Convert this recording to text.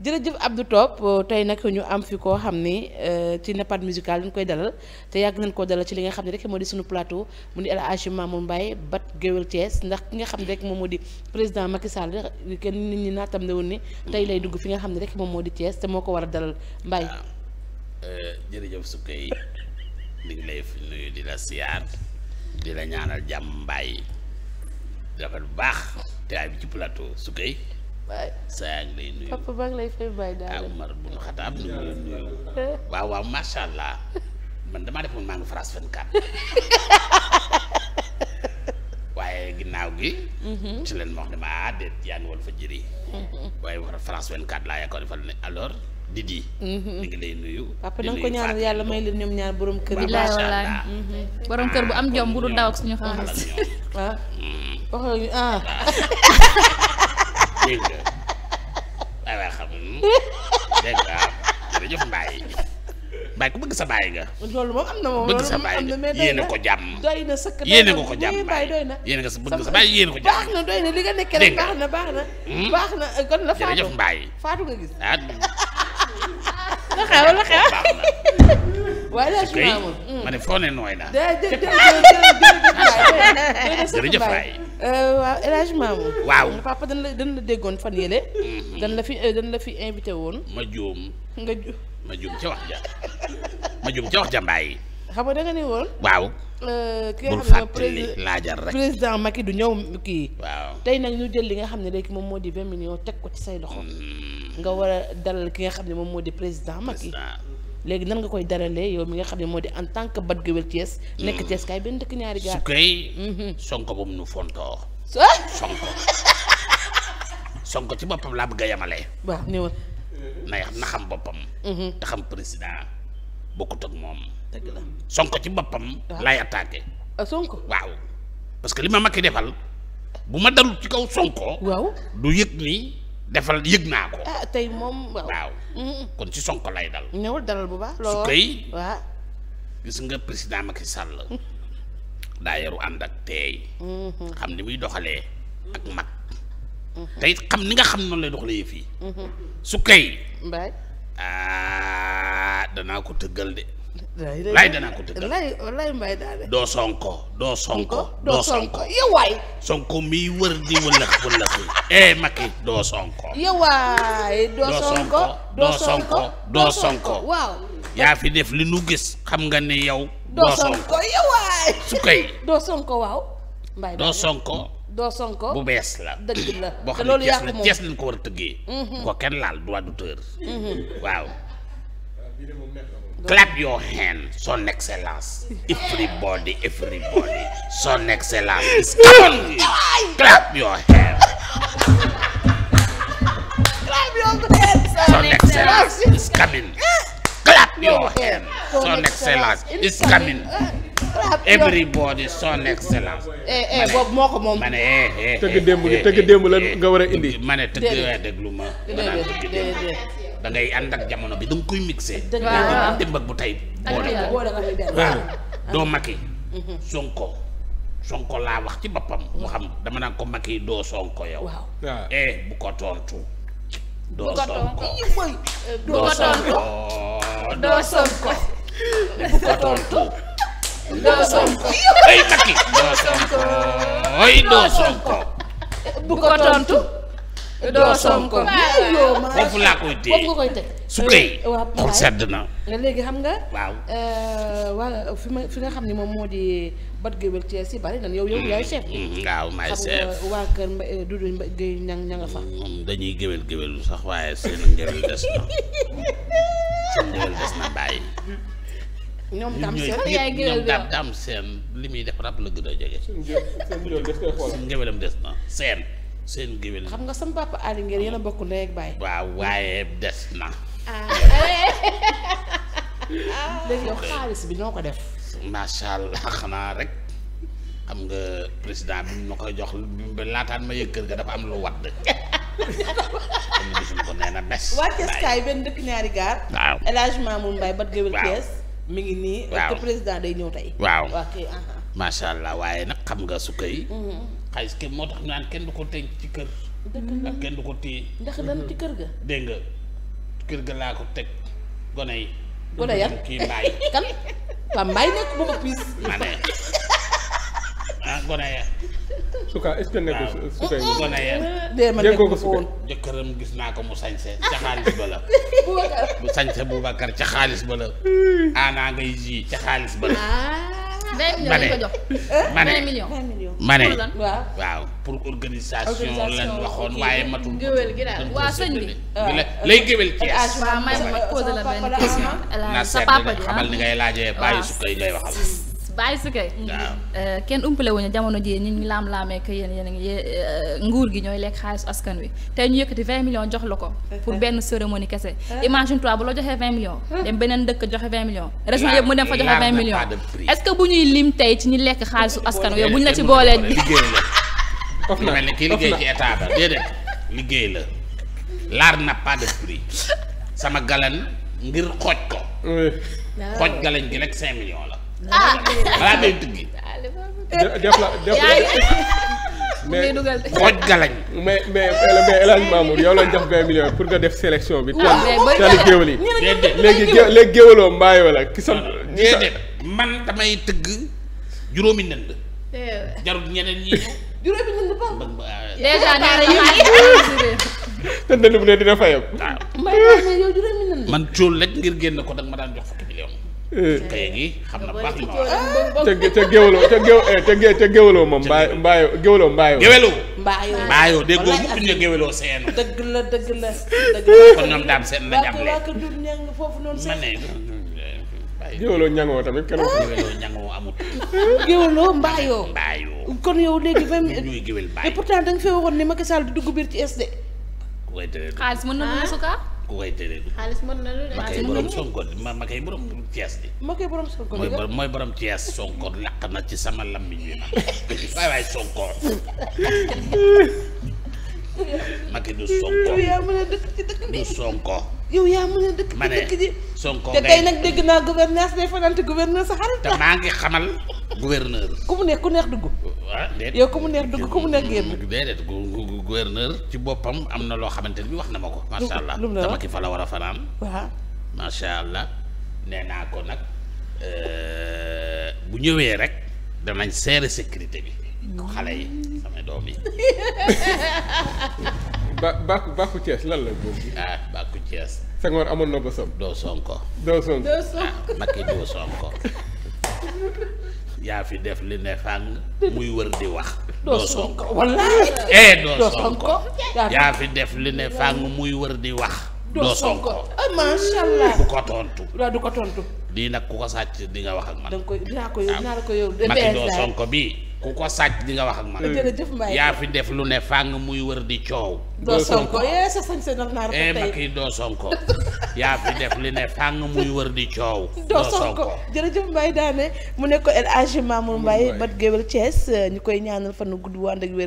jërëjëf Abdou Top euh, tey nag ñu am fi koo xam ni euh, ci nappaat musical ñu koy dalal te yàgg nañ koo dalal ci li nga xam ne rek moo di suñu plateau mu di El Hadj Mamour Mbaye bat géwél Thiès ndax ki nga xam ne rek moom moo di président Macky Sall kenn nit ñi naatam ne woon ni tey lay dugg fi nga xam ne rek moom moo di Thiès te moo ko war a dalal Mbaye. Ah, euh, jërëjëf Soukey ñu ngi lay nuyu di la siyaar di la ñaanal jàmm Mbaye dafa lu baax te ay bi ci plateau Soukey. waay saa ngi lay nuyu papa baa ngi lay fay bàyyi daal Omar bu nu xataab nu ngi lay nuyu waaw waaw macha allah man damaa defoon maa ngi France 24 waaye ginnaaw gi. Mhm. ci leen ma wax ne ma ah déet yaa ngi wal fa jëri. Mhm. waaye war France 24 laa yaakaar defal ne alors Didi. mi mhm. ngi lay nuyu. papa na nga ko ñaanal yàlla may leen ñoom ñaar borom kër. yi macha allah borom kër bu am jom bu dul daw ak suñu xaalis. ah hmm. waxal ñu ah. dégg nga. la xam dégg nga waaw jërëjëf Mbaye Mbaye ku bëgg sa baay nga. loolu moom am na moom bëgg sa baay nga yéene ko jàmm. doy na sëkk yéene ko doy na. yéene sa bëgg sa baay yéene doy na li nga nekk rek baax na baax na. baax na kon la Fatou nga gis ah. la xew la xew baax na. waaye laa si ma ne foo ne nooy naa. jërëjëf waay waaw euh, El Hadj Mamou. waaw fa dañ la dañ la déggoon fan yële. Mhm. dañ la fi euh, dañ la fi invité woon. ma juum. nga ju ma juum ca wax ja ma juum ca wax ja ne woon. waaw. Euh, bul fàttali laajal rek président Macky du ñëw kii. waaw tey nag ñu jël li nga xam ne léegi moom moo di vingt millions teg ko ci say loxo. Mhm. nga war a dalal ki nga xam ne moom moo di président Macky. léegi nan nga koy daralee yow mi nga xam ne moo di en tant que bat géwél Thiès. Mm. nekk Thiès kaay benn dëkk ñaari gaar su koy. Mm-hmm. sonko boobu nu fontoo. sonko sonko ci boppam laa bëgg a yemale. waaw na xam boppam. Mm-hmm. te président bokkut ak moom. dëgg la sonko ci boppam. laay attaqué. Ah, sonko waaw. parce que li ma Macky defal bu ma dalul ci kaw sonko. waaw du yëg ni. defal yëg naa ko. ah tey moom waaw. kon ci Sonko lay dal. ñëwal dalal bu baax lool su koy. gis nga président Macky Sall. daa yaru ànd ak teey. Mm-hmm. xam ni muy doxalee ak mag. Mm-hmm. tey xam ni nga xam noonu lay doxalee fii. su koy. mbaay. ah danaa ko tëggal de. lay danaa ko tëggal lay lay mbay daane doo sonko doo sonko doo sonko yowaay sonko miy wër di wëlëx wëlëx eh Macky doo sonko yowaay doo sonko fi def li nu gis xam nga ne yow doo sonko yowaay doo sonko waaw mbay doo sonko bu bees la dëgg la boo xam ne cees la lañ ko war a tëggee mhm. ko kenn laal droit d'auteur mhm. waaw ah, clap your hand son excellence everybody everybody son excellence is coming clap your hand son excellence is coming everybody son excellence. Eh, eh, boobu moo ko moom. ma eh, tëgg démb gi tëgg démb la nga war a indi. ma ne tëgg déglu ma. dangay ànd ak jamono bi da nga koy mixé. dëgg la bu tey. boole ko ah. doo Macky. Mhm. Sonko Sonko laa wax ci boppam. mu xam dama naan ko Macky doo Sonko yow. waaw ah. eh tontu. doo Sonko doo Sonko bu ko doo Sonko ay doo Sonko ay tontu. doo Sonko foofu laa foofu nga koy teg su dee eh, xol sedd na eh, léegi xam nga waaw eh, waa fi ma fi nga xam ni moom moo di bat géwél Thiès si bari nan yow yow yaay chef bi mm-hmm. mm-hmm. waaw maay nga mm-hmm. géwél géwélu sax waaye seen njëriñ des na seen njëriñ des na bàyyi ñoom tam seen yaay géwél bi ñoom seen li muy def rab la gën a jege seen géwélam des na seen seen géwél xam nga sama papa Aly Nguer yéen a bokk ndey ak baay. waaw waaye des na. Ah. léegi yow xaalis bi noo ko def. macha allah xanaa rek xam nga président bi ma koy jox ba laataan ma yëg kër ga dafa am lu wadd. am na gisuñu ko nee na bes. waa Ceskaay benn dëkk ñaari gaar. waaw El Hadj Mamoun Mbaye géwél Kees. mi ngi nii. waaw président day ñëw tey. waaw ok. allah waaye nag xam nga su koy. Mhm. xaalis kenn moo tax naan kenn du ko tënk ci kër. ak kenn du ko téye. ndax dana ci kër ga. dégg nga kër ga laa ko teg gone yi. kii mbaay. kan waa mbaay nekk bu ma piis. ma ne ah dee ma nekkul ko woon jëkkëram gis naa ko mu sañse ca xaalis ba la. bu sañse Boubacar ca xaalis ba la. ana ngay ji ca xaalis ba la. Ah. ma ne ma ne ma waaw pour organisation lan waxoon waaye matul. géwél gi daal bi. lay géwél Thiès. waaw may ma posé la benn li sa papa ji xamal ah. ni ngay laajee bàyyi su koy ngay waxal. bàyyi su kay kenn umpale jamono ji ñu laam-laamee que yéen yéen ngi euh, nguur gi ñooy lekk xaalisu askan wi tey ñu yëkkati vingt millions jox la ko pour benn cérémonie kese ah. imagine toi bu la joxee vingt millions ah. dem beneen dëkk joxe vingt millions ah. région yëpp mu dem fa joxe vingt millions bu ñuy lim tey ci ñu lekk xaalisu askan wi bu ñu la ci boolee of na mel ni kii liggéey ci état liggéey la l'art n'a pas de prix sama galan ngir xooj ko xooj galan gi rek cinq millions la ah balaa ngay tëggi. def la def la mais xooj galañ. mais mais yow lañ jox vingt millions pour nga def sélection bi. waaw mais bëri géwél yi léegi géw léegi géwéloo mbaayoo la ki sam. déedéet man damay tëgg juróomi nënd. jarul ñeneen ñi. juróomi nënd euh, bu ne dina fayam. man cóol rek ngir génn ko dag ma daan jox fa. tey gi ma wax. te te géwaloo te géw eh, te te géwaloo moom. mbaayo mbaayoo. géwaloo. mbaayoo mbaayoo ma ne. géwaloo ñangoo tamit kenn. géwaloo ñangoo amut. géwaloo mbaayoo. mbaayoo. kon yow léegi vingt. ñuy géwal mbaayoo et pourtant da nga fee waxoon ne Macky dugg biir ci SD. xaalis mën na mu ah. suka ku koy teree du. xaalis mën na ma kay borom sonko ma ma kay borom Thiès di. ma kay borom sonko mooy borom mooy borom Thiès sonko làq na ci sama lammiñ bi ma. waay waay sonko. ma kay du sonko. yow yaa mën a dëkk ci dëkk bi du sonko. yow yaa mën a dëkk ci dëkk bi Sonko te tey nag dégg naa gouvernance day fanante gouverneur sa xarit te maa ngi xamal gouverneur ku mu neex ku neex dugg ah, yow ku mu neex dugg ku mu neex génn déedéet gouverneur ci boppam am na loo xamante ne bi wax na ma ko macha allah sama ki fa la war a fanaan waaw macha allah nee naa ko nag euh, bu ñëwee rek danañ seere sécurité bi xale yi sama doom yi ba bàkku bàkku Thiès la boobu ah bàkku Thiès Senghor amoon na bësam. doo sonko. doo sonko doo sonko. Ah, Macky doo sonko. yaa fi def li ne fàng muy wër di wax. doo sonko wallaahi. eh yaa fi def li ne fàng muy wër di wax. doo sonko ah, macha allah du ko tontu. waaw du ko tontu. lii nag ku ko sàcc di nga wax ak ma da nga doo sonko bii. ku ko sàcc di nga wax ak man. jërëjëf Mbaye yaa fi def lu ne fàng muy wër di coow. doo sonko yee eh, sa sañ sa nag naa rafet tey eh, Macky doo sonko yaa fi def lu ne fàng muy wër di coow. doo sonko jërëjëf Mbaye daane mu ne ko El Hadj Mamour Mbaye bat géwél Thiès ñu koy ñaanal fan nu gudd wànd ak wér.